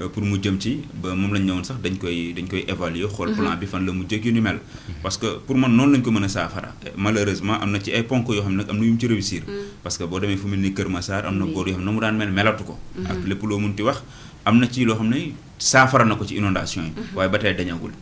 Euh, pour mu jëm ci ba moom lañ ñëwoon sax dañ koy dañ koy évaluer xool mhm. plan bi fan la mu jég yu ni mel mhm. parce que pour man noonu lañ ko mën a saafara malheureusement am na ci ay ponk yoo xam ne nag am na yu mu mhm. parce que boo demee fu mel ni Kër Massar am na góor yoo daan mel melatu ko ak lépp loo munti wax am na ci loo xam ne saafara na ko ci inondation yi waaye ba tey dañagul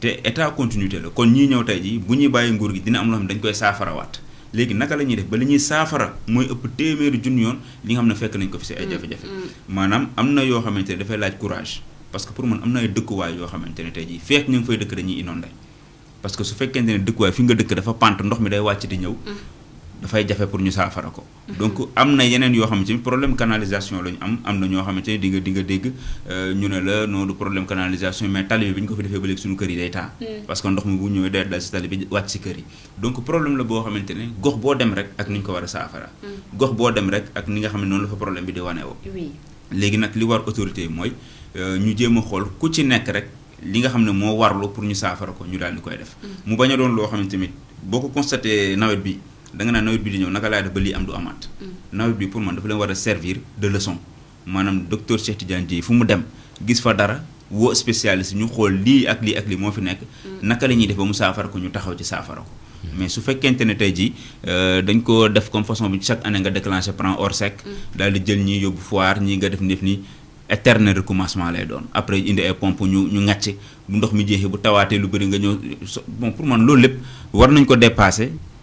te état continuité la kon ñii ñëw tey ji bu ñuy bàyyi nguur gi dina am loo xam ne dañ koy saafarawaat léegi naka la ñuy def ba li ñuy saafara mooy ëpp téeméeri junni yoon li nga xam ne fekk nañ ko fi si ay mm. jafe-jafe mm. maanaam am na yoo xamante ne dafay laaj courage parce que pour man am na ay dëkkuwaay yoo xamante ne tey jii feek ñu ngi fay dëkk dañuy inondé parce que su fekkente ne dëkkuwaay fi nga dëkk dafa pant ndox mi day wàcc di ñëw mm. dafay jafé pour ñu saafara ko. donc amna yenen yo yoo xamante problème canalisation la ñu am amna na ñoo xamante ni di nga di nga dégg euh, ñu né la non du problème canalisation mais tali biñ ko fi défé ba léegi suñu kër yi day ta mm. parce que ndox mu bu ñëwee day dal ci tali bi wàcc si kër yi. donc problème la bo xamante gox bo dem rek ak ni ñu ko wara a mm. gox bo dem rek ak ni nga xam non la fa problème bi di wané woo. légui nak li war autorité moy euh, ñu jéma xol ku ci nekk rek li nga xam ne moo warlu pour ñu saafara ko ñu daal di koy def. Mm. mu bañ a doon loo xam ne tamit boo ko constaté nawet bi da nga bi di ñëw naka laay def ba am du mm. bi pour man leen servir de leçon docteur Cheikh Tidiane fu dem gis fa dara spécialiste ñu xool lii ak lii ak lii moo fi nekk. Mm. la def ba mu mm. mais su ne euh, dañ chaque année nga déclenché hors sec daal di jël ñii nga def ni éternel recommencement lay doon après indi ay pompe ñu ñu bu ndox mi bu bon pour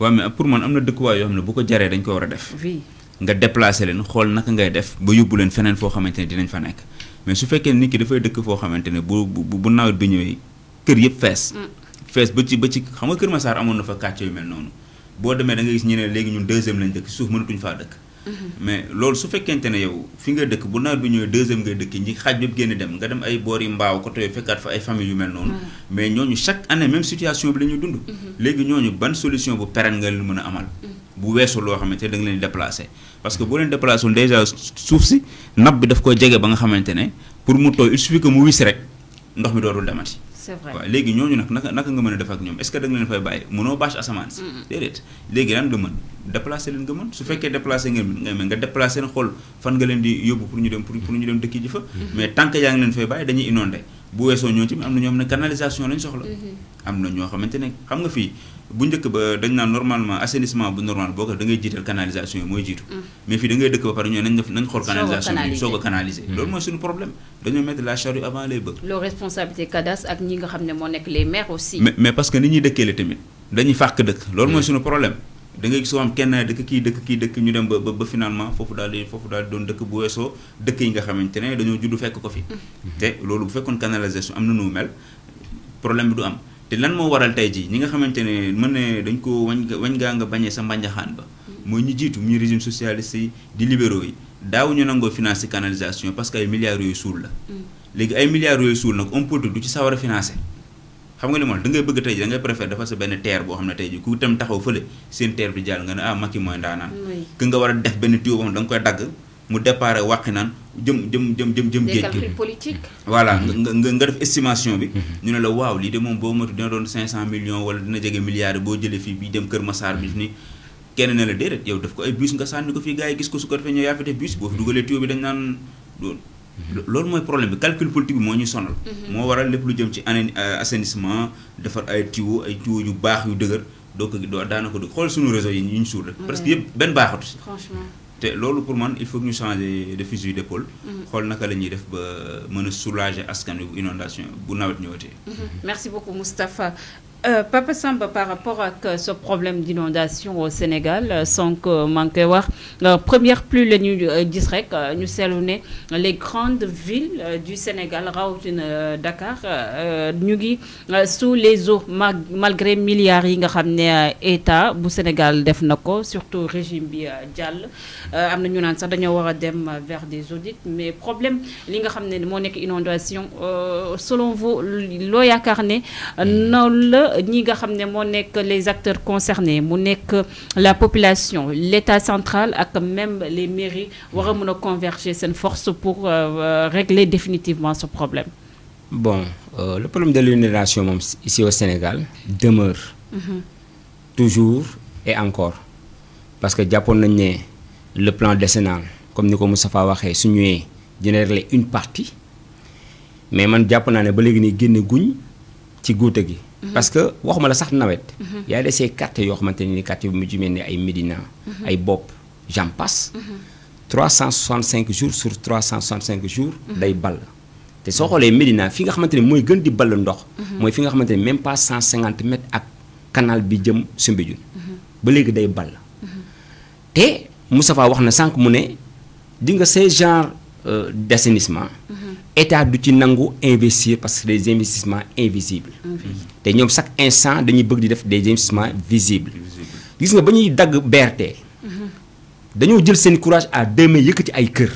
waa mais pour man am na dëkkuwaay yoo xam ne bu ko jaree dañ ko war a def. nga déplacé leen xool naka ngay def ba yóbbu leen feneen foo xamante ne dinañ fa nekk mais su fekkee nit ki dafay dëkk foo xamante ne bu bu bu nawet bi ñëwee kër yëpp fees. Mm. fees ba ci ba ci xam nga Kër Massar amoon na fa kàcce yu mel noonu boo demee da nga gis ñu léegi ñun deuxième lañ dëkk suuf mënatuñ faa dëkk. mais loolu su fekkente ne yow fi nga dëkk bu nawet bi ñëwee deuxième ngay dëkk ñi xaaj bépp génn dem nga dem ay boori mbaaw ko tooy fekkaat fa ay famille yu mel noonu. Mm. mais ñooñu chaque année même situation bi la ñuy dund. Mm-hmm. léegi ñooñu ban solution bu pérenne nga leen mën a amal. Mm. bu weesu loo xamante ne da nga leen déplacé parce que boo leen déplacé wul dèjà suuf si napp bi daf ko jege ba nga xamante ne pour mu tooy il suffit que mu wis rek ndox mi dootul demati. c'est vrai waaw léegi ñooñu nag naka naka nga mën a def ak ñoom est-ce que da leen fay bàyyi mënoo bâche asamaan si déedéet léegi lan nga mën déplacé leen nga mën su fekkee déplacé ngeen nga mais nga déplacé leen xool fan nga leen di yóbbu pour ñu dem pour ñu dem dëkki ji fa mm-hmm. mais tant que yaa ngi leen fay bàyyi dañuy inondé bu weesoo ñoo ci am na ñoo xam ne canalisation lañ soxla mm-hmm. am na ñoo xamante ne xam nga fii bu ke ba dañ naan normalement assainissement bu normal boo ko da ngay jiital canalisation yi mooy jiitu mm. mais fii da ngay dëkk ba pare ñoo nañ def nañ xool canalisation bi soog canaliser mm. suñu problème mettre la charrue avant les bœufs loolu responsabilité agni ak ñi nga xam ne moo les maires aussi mais, mais parce que nit ñuy dëkkee la tamit dañuy fàq dëkk loolu mooy mm. suñu problème da ngay soo am kenn dëkk ki dëkk ki dëkk ñu dem ba ba finalement foofu daal di foofu daal doon dëkk bu weesoo dëkk yi nga xamante ne dañoo fekk ko fi te loolu bu canalisation am nu mel problème du am te lan moo waral tey jii ñi nga xamante ne mën ne dañ ko wañ wañ gaa nga bañee sa mbànjaxaan ba mm. mooy ñu jiitu muy régime socialiste si di libéro yi daawuñu nangoo financer canalisation parce que ay milliards yooyu suul la mm. léegi ay milliards yooyu suul nag homme du ci sawar a financer xam nga li moom da ngay bëgg tey ji da ngay préférer dafa sa benn terre boo xam ne tey ji ku tam taxaw fële seen terre bi jàll nga ne ah Macky mooy ndaanaan que nga war a def benn tuyau boo xam koy dagg mu déparé wàqi naan jëm jëm jëm jëm jëm géej gi politique voilà nga nga def estimation bi mhm. ñu ne la waaw lii de moom boo matu dina doon cinq cent millions wala dina jege milliards boo jëlee fii bi dem Kër Massar bi ni kenn ne la déedéet yow def ko ay bus nga sànni ko fii gars yi gis ko su ko defee ñoo bus boo fi dugalee bi dañ naan mhm. loolu mooy problème bi calcul politique bi moo ñu sonal mhm. mo waral lépp lu jëm ci année euh, assainissement defar ay tuyau ay tuyau yu baax yu dëgër doo ko doo daana ko dëgg xool suñu réseau yi ñu suur rek presque yëpp benn baaxatu franchement te loolu pour man il faut que nous changer de fusil d'épaule mm-hmm. xool naka la def ba mën soulager askan inondation bu nawet ñëwatee mm-hmm. merci beaucoup Mustapha. Euh, Papa Samba par rapport à ce problème d'inondation au Sénégal euh, sans que manquer voir euh, première pluie les grandes villes du Sénégal Dakar ñu sous les eaux malgré milliards yi état Sénégal surtout au régime des audits mais problème selon vous ñi nga ne les acteurs concernés mu la population l'état central ak même les mairies wara mëna converger force pour euh, euh, régler définitivement ce problème. Bon, euh, le problème de l'inondation ici au Sénégal demeure mhm. toujours et encore. Parce que Japon, le plan décennal, comme nous waxé su ñué généré une partie. Mais moi, Japon, un peu de guñ ci goutte. Mhm. parce que waxuma la sax nawet. Mhm. yaa ngi ces quartier yo xamanteni ni quartier bu mujj mel ay Médina. Mhm. ay bop j'en passe. 365 jours sur 365 jours. day ball. te so xolé Médina fi nga xamanteni moy gën di ball ndox. moy fi nga xamanteni même pas 150 mètres ak canal bi jëm Soumbédioune. ba légui day ball. te Moustapha waxna sank mu né di nga ces genre euh, d'assainissement état du ci nangu investir parce que des investissements invisibles te ñoom chaque instant dañuy bëgg di des investissements visibles gis nga ba ñuy mhm. courage à deux mains ay kër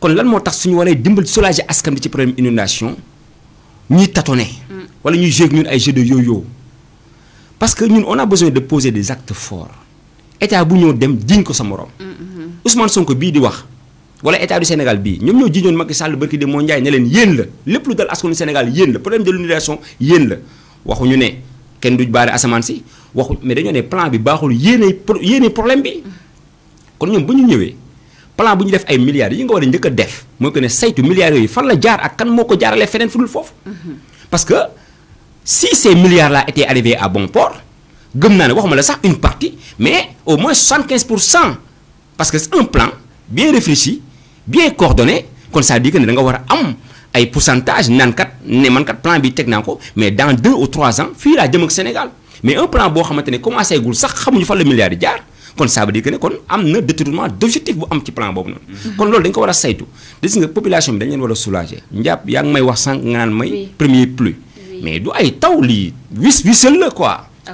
kon lan tax suñu dimbal soulager bi ci problème inondation tâtonner mm. wala ñuy jouer ñun de yo-yo parce que nous on a besoin de poser des actes forts état bu nous dem ko morom mm-hmm. Ousmane Sonko di wala état du Sénégal bi ñom ñoo jiñoon Macky Sall barki de moo ne len yéen la lepp lu dal askanu Sénégal yéen la problème de l'inondation yéen la ñu ne kenn du baare asamaan si waxu mais dañu ne plan bi baxul yéenay pro yéenay problème bi kon ñom buñu ñu plan buñu def ay milliards yi nga war a def mooy ko ne saytu milliards yi fan la jaar ak kan moko jaarale fenen fudul fofu mhm. parce que si ces milliards là étaient arrivés à bon port gëm na ne waxuma la sax une partie mais au moins 75 parce que c'est un plan bien réfléchi bien coordonné comme ça dit que un a am pourcentage ne kat plan bi mais dans deux ou trois ans il la jëm ak Sénégal mais un plan boo comment on commencé à sax le milliard on ça veut dire détournement plan Donc, on mm-hmm. kon dañ ko population bi dañ soulager. may premier pluie mais du ay quoi. Ah,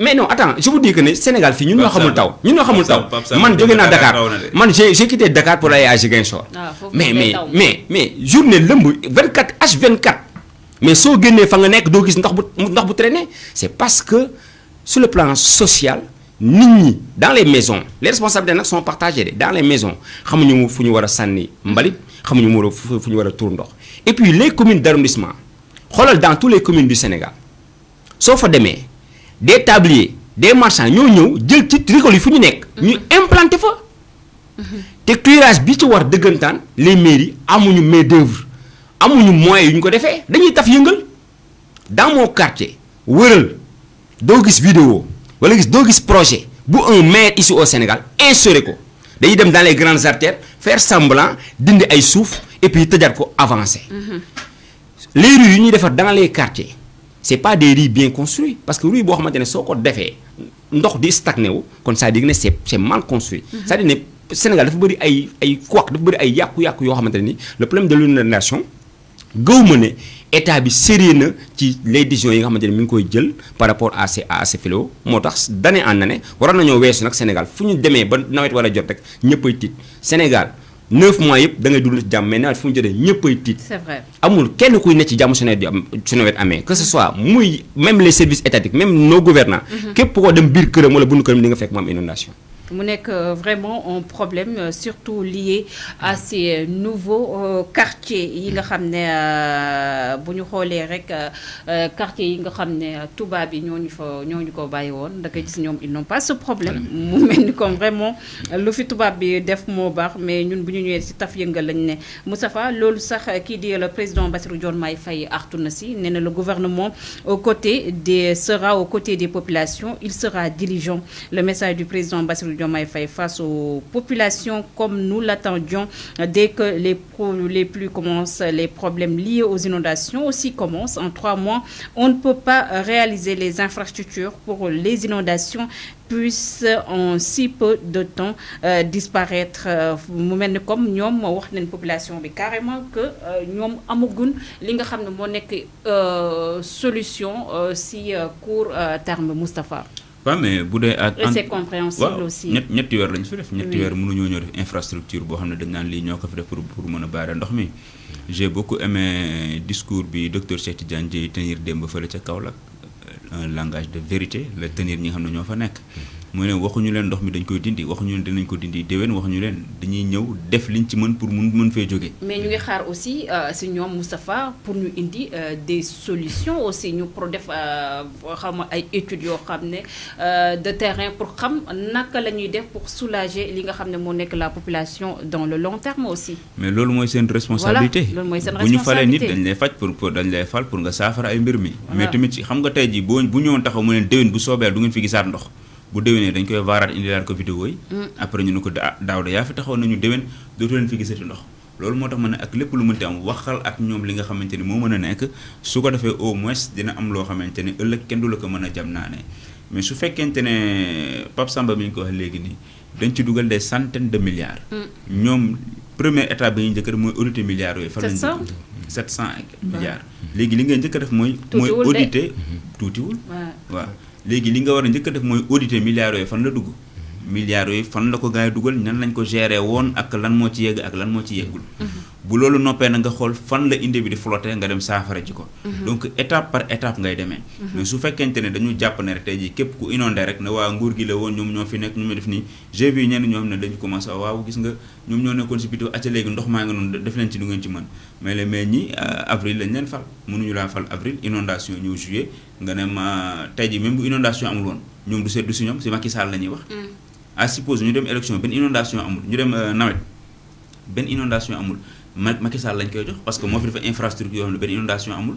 mais non attends je vous dis que le Sénégal fi ñun ñoo xamul taw ñun ñoo xamul taw man jogé na Dakar man j'ai quitté Dakar pour aller à Ziguinchor ah, mais mais mais mais journée lëmb 24 h 24 mais so vous fa nga nek do gis ndox bu bu traîner c'est parce que sur le plan social nit ñi dans les maisons les responsabilités sont partagées dans les maisons xamuñu fu ñu war a sànni mbalit xamuñu ndox et puis les communes d'arrondissement dans toutes les communes du Sénégal soo fa demee des tabliers des marchands ñoo ñëw jël ci rigole yi fu ñu nekk. Mm-hmm. ñu implanté fa. Mm-hmm. te curage bi ci war dëggantaan les mairies amuñu main d'œuvre amuñu moyens yu ñu ko defee dañuy taf yëngal dans mon quartier wëral doo gis vidéo wala gis doo gis projet bu un maire ici au Sénégal instauré ko dañuy dem dans les grandes artères faire semblant dindi ay suuf et puis tëjaat ko avancer. Mm-hmm. les rues yu ñuy defar dans les quartiers c'est pas des rues bien construits parce que rue boo xamante soko soo ko defee ndox di stagné wu kon cest dire c'est c'est mal construit mhm. c'est-à-dire ne Sénégal dafa bëri ay ay couac dafa bëri ay yàqu-yàqu yo xamante ni le problème de l'inondation nation ma né état bi sérieux ci les décisions yi nga xamante mi ngi koy jël par rapport à ces à ces fléaux moo tax d'année en année waroon nañoo weesu nag Sénégal fuñu démé ba nawet war a jot rek ñëppay tiit Sénégal neuf mois yëpp da ngay dund ci jàmm mais nawet fu mu jotee ñëpp ay tiit. c'est vrai amul kenn kuy nekk ci jàmm su nawet di am su nawet amee que ce soit muy même les services étatiques même nos gouvernants mm-hmm. képp koo dem biir këram wala buñu këram di nga fekk mu am inondation mu que euh, vraiment un problème euh, surtout lié à ces nouveaux euh, quartiers yi nga xam ne bu rek quartiers yi nga xam ne tubaab yi ñooñu fa ñooñu ko bàyyi woon da gis ils n'ont pas ce problème mu mel comme vraiment lu fi tubaab bi def baax mais ñun bu ñu ñëwee ci taf yëngal lañ ne m'oussafa loolu sax kii di le président Bassirou Diomaye Faye artu na le gouvernement aux côtés des sera aux côtés des populations il sera diligent le message du président Bassirou face aux populations comme nous l'attendions dès que les, les pluies commencent, les problèmes liés aux inondations aussi commencent. En trois mois, on ne peut pas réaliser les infrastructures pour les inondations puisse en si peu de temps euh, disparaître euh, Nous comme population mais carrément que nous euh, avons li nga solution si court terme Mustapha waaw mais bu dee à. c'est compréhensible aussi net net ñetti weer lañu fi def. ñetti weer mënuñoo ñëw def infrastructure bo xamné ne dañ naan li ñoko ko fi def pour pour mëna a ndox mi. j'ai beaucoup aimé discours bi docteur Cheikh Tidiane Dièye tenir démb fële ca Kaolack euh, un langage de vérité le tenir ñi xamné ñoo fa nek mu ne waxuñu leen ndox mi dañ koy dindi waxuñu leen dinañ ko dindi déwén waxuñu leen dañuy ñëw def liñ ci mën pour mun mën fee jógee. mais ñu ngi xaar aussi euh, si ñoom Moustapha pour ñu indi euh, des solutions aussi ñu pour def euh, xam ay études yoo xam ne de terrain pour xam naka la ñuy def pour soulager li nga xam ne moo nekk la population dans le long terme aussi. mais loolu mooy seen responsabilité. loolu mooy seen responsabilité bu ñu falee nit dañ lay faj pour pour dañ lay fal pour nga saafara ay mbir mi. mais tamit xam nga tey ji boo bu ñëwoon taxaw mu ne déwén bu soobee du ngeen fi gisaat ndox. bu nee dañ koy vaaraat indilaat ko vidéo yi. Mm. après ñu ne ko daaw ah da yaa fi taxaw nañu déwén dootu leen fi gisati ndox. loolu moo tax ma ak lépp lu mënti am waxal ak ñoom li nga xamante ne moo mën a nekk su ko defee au moins dina am loo xamante ni ëllëg kenn dula ko mën a jam naa ne mais su fekkente ne pap Samba mi ñu ko wax léegi nii dañ ci dugal des centaines de milliards. Mm. ñoom première état bi ñu njëkk a mooy auditer milliards yooyu. fan la ñu 700 ak léegi li ngay njëkk a def mooy. mooy auditer mm-hmm. tuutiwul waaw. léegi li nga war a njëkk def mooy auditer milliards yooyu fan la dugg milliards yooyu fan la ko gars yi dugal nan lañ ko gérer woon ak lan moo ci yegg ak lan moo ci yeggul. bu loolu noppee na nga xool fan la indi bi di flotté nga dem saafara ci ko. Mhm. donc étape par étape ngay demee. Mhm. mais su fekkente ne dañu jàpp ne rek tey jii képp ku inondé rek ne waa nguur gi la woon ñoom ñoo nekk ñu ma def nii j'ai vu ñenn ñoo xam ah, waaw gis nga ñoom ñoo nekkoon si biti ndox maa ngi noonu def leen ci lu ngeen ci mën mais le mais euh, avril lañ leen fal mënuñu laa fal avril inondation ñëw juillet nga ne ma tey jii bu inondation amul woon ñoom du seet si ñoom si Macky Sall la ñuy wax. Mm. à suppose ñu dem élection ben inondation amul ñu dem euh, nawet inondation amul Macky Sall lañ koy jox parce que mo fi dafa infrastructure yo ben inondation amul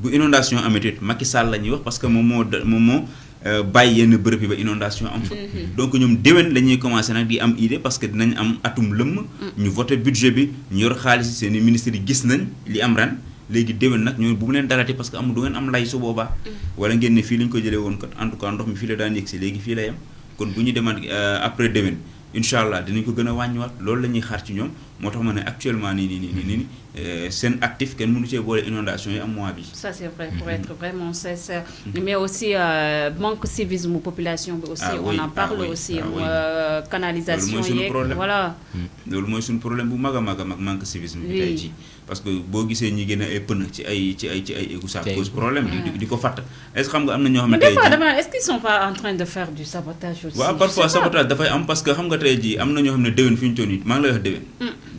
bu inondation ametit Macky Sall lañ wax parce que moom moo moom moo euh, bàyyi yenn yi ba inondation am mm-hmm. donc ñoom déwén lañuy ñuy commencé nag di am idée parce que dinañ am atum leum mm. ñu voter budget bi ñu yor xaalis seen i gis nañ li am ran légui déwén nak ñoom bu mu leen dalati parce que am du ngeen am lay su boba mm. wala ngeen ne fii lañ ko jëlee woon en tout cas ndox mi fii la daan yegg si léegi la yam kon bu ñu demaat euh, après demain incha allah dinañ ko gën a wàññiwaat loolu la ñuy xaar ci ñoom Je tax actuellement ni ni ni ni actif inondation ça c'est vrai pour mhm. être vraiment sincère. Mhm. mais aussi euh, manque civisme population bi. aussi ah on en ah parle aussi. Ah euh, canalisation yeeg voilà. moy mhm. problème bu mag manque civisme parce que ay ci ay ci ay ci ça problème. est ce xam sont en train de faire du sabotage aussi. parfois sabotage parce que xam nga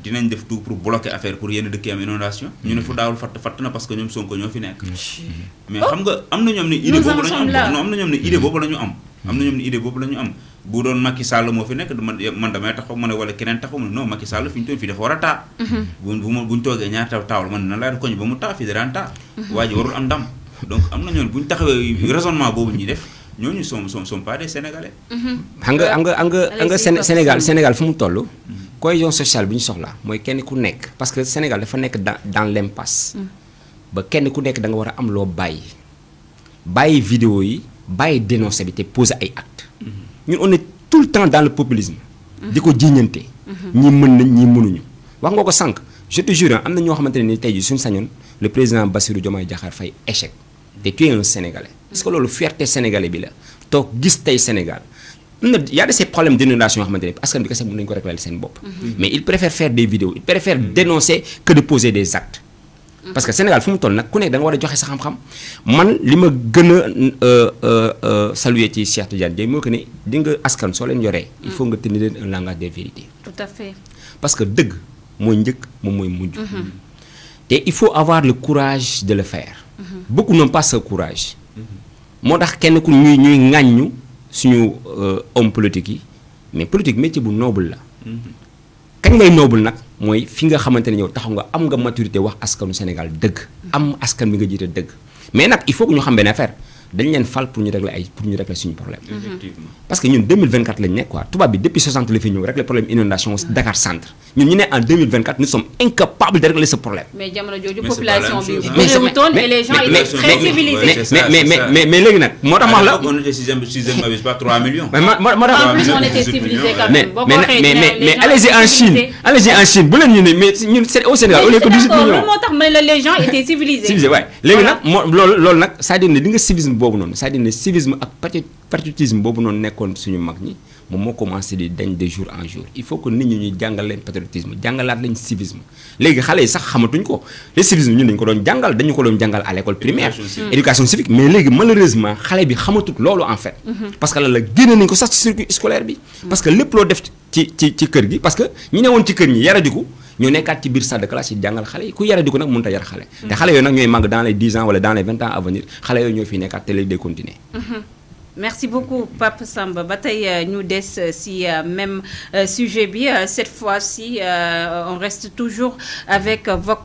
dinañ def tout pour bloquer affaire pour yenn dëkk am inondation ñu ne fu daawul fatt fatt na parce que ñoom Sonko ñoo fi nekk mm. mais xam nga am na ñoom ne idée boobu la mm. am bu doon Macky Sall moo fi nekk man damay taxaw ma ne wala keneen taxaw ma a taa mm-hmm. bu bu man na laa koñ ba mu taa fii daraan taa mm-hmm. waa warul am ndam donc am na ñoom bu ñu taxawee raisonnement boobu ñuy def ñooñu sont sont sont pas des sénégalais mm-hmm. xam nga xam nga xam nga Sénégal Sénégal fu cohésion sociale buñ soxla moy kenn ku nekk parce que Sénégal dafa nekk dans dans l'impasse mm. ba kenn ku nekk da nga war a am loo bàyyi bàyyi vidéo yi bàyyi dénoncé bi te poser ay actes mm-hmm. ñun on est tout le temps dans le populisme mm-hmm. di ko jiiñante mm-hmm. ñi mën nañ ñi mënuñu wax nga ko sànq je te jure am na ñoo xamante ne ni tey jii suñu sañoon le président Bassirou Diomaye Diakhar fay échec te tu es un sénégalais est-ce que loolu fierté sénégalais bi la toog gis tey Sénégal il y a de ces problèmes d'inondation parce que c'est mon nañu ko le seen bopp mhm. mais il préfère faire des vidéos il préfère dénoncer que de poser des actes mhm. parce que Sénégal fu mu toll nag ku nek da nga wara joxe sa xam-xam man li euh euh euh saluer ci Cheikh Tidiane Dièye mo que ne di nga askan so len yoré il faut mhm. nga tenir un langage des vérités tout à fait parce que deug mooy njëkk moom moy mujj te il faut avoir le courage de le faire beaucoup n'ont pas ce courage motax tax kenn ku ñuy ñuy ŋàññu suñu euh, homme politique yi mais politique métier bu noble la. Mm-hmm. kañ ngay noble nag mooy fi nga xamante ne yow taxaw nga am nga maturité wax askanu Sénégal dëgg. am askan bi nga jiite dëgg. mais nag il faut que ñu xam benn affaire. dañ leen fal pour ñu régler ay pour ñu régler suñu problème. Mhm. effectivement parce que ñun 2024 lañ nekk quoi tubaab bi depuis 60 la fi ñëw régler problème inondation mhm. Dakar centre ñun ñu ne en 2024 nous sommes incapables de régler ce problème. mais jamono jooju population bi. Hein. mais c' mais les gens étaient très civilisés. mais mais mais léegi nag. moo tax ma la on était sixième sixième avis pas 3 millions. mais ma ma ma en plus on était civilisés quand même. boo mais mais mais allez-y en Chine allez-y en Chine bu leen ñu ne mais ñun c' est au Sénégal au lieu que 18 millions. mais c' d' accord loolu moo tax ma la les gens étaient civilisés. civilisés ouais léegi nag moo loolu loolu nag c'est-à-dire ne di nga civilisé boobu noonu c'est-à-dire ne civisme ak boobu noonu nekkoon suñu mag ñi moom mo commencé di dañ de jour en jour il faut que nit ñi ñuy jàngal leen patriotisme jàngalaat leen civisme léegi xale yi sax xamatuñ ko te civisme ñun dañ ko doon jàngal dañu ko doon jàngal à l' école primaire éducation civique mais léegi malheureusement xale bi xamatut loolu en fait mm-hmm. parce que la la génne nañ ko sax ci circuit scolaire bi mm-hmm. parce que lépp loo def ci ci ci kër gi parce que ñi ne ci kër ñi yaradiku ñoo nekkaat ci biir salle de classe yi jàngal xale yi ku yaradiku nag mënut a yar xale mm-hmm. te xale yooyu nag ñooy màgg dans les 10 ans wala dans les 20 ans à venir xale yooyu ñoo fi nekkaat te léegi day continuer merci beaucoup Pape Samba Bataille nous euh, euh, si euh, même sujet bien. cette fois-ci on reste toujours avec